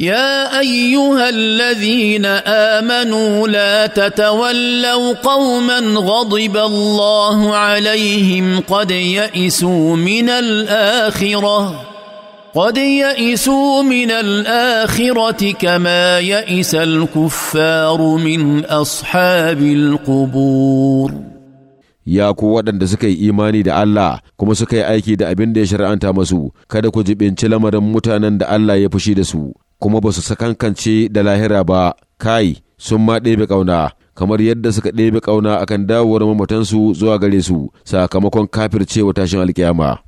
يا ايها الذين امنوا لا تتولوا قوما غضب الله عليهم قد يئسوا من الاخره قد يئسوا من الاخره كما يئس الكفار من اصحاب القبور ya ku waɗanda suka yi imani da Allah kuma suka yi aiki da abin da ya shari'anta masu kada ku jibinci lamarin mutanen da Allah ya fushi da su kuma ba su sakankance da lahira ba kai sun ma ɗebe ƙauna kamar yadda suka ɗebe ƙauna akan dawowar mamatansu zuwa gare su sakamakon kafircewa tashin alkiyama